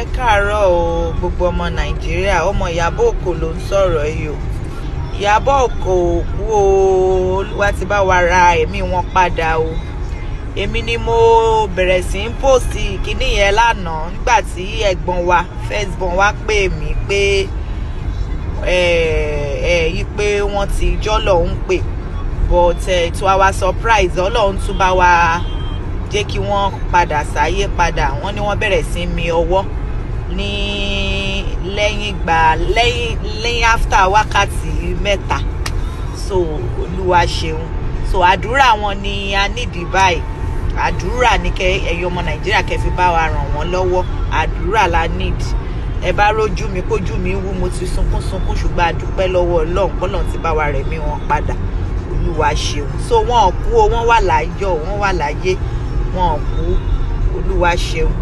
ẹ káàárọ̀ o gbogbo ọmọ nàìjíríà ọmọ ìyàbọ̀ òkò ló ń sọ̀rọ̀ yìí o ìyàbọ̀ òkò kú o olúwa ti bá wa ra ẹ̀mí wọn padà o èmi ni mo bẹ̀rẹ̀ sí ń pòsì kíní yẹn lánàá nígbà tí ẹ̀gbọ́n wa firstborn wa pè mí pé ẹ ẹ yí pé wọ́n ti jọ́lọ̀ ń pè but uh, to our surprise ọlọ́run tún bá wa jẹ́ kí wọ́n padà sáyé padà wọ́n ní wọ́n bẹ̀rẹ̀ sí mi ọwọ́. Ni lẹ́yìn gbà lẹ́yìn lẹ́yìn after wákàtí mẹ́ta so olúwa ṣeun so àdúrà wọn ni a nídìí báyìí àdúrà ní kẹ ẹyọ ọmọ nàìjíríà kẹ́ fi bá wa ràn wọ́n lọ́wọ́ àdúrà la need ẹ bá rójú mi kójú mi wú mo ti sunkún sunkún ṣùgbọ́n a dúpẹ́ lọ́wọ́ ọlọ́run kọ́lọ́run ti bá wa rẹ̀ mí wọn padà olúwa ṣeun so wọn ò kú o wọn wà láyọ̀ wọn wà láyé wọn ò kú olúwa ṣeun